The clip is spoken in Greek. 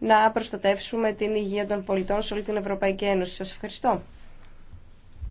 να προστατεύσουμε την υγεία των πολιτών σε όλη την Ευρωπαϊκή Ένωση. Σας ευχαριστώ.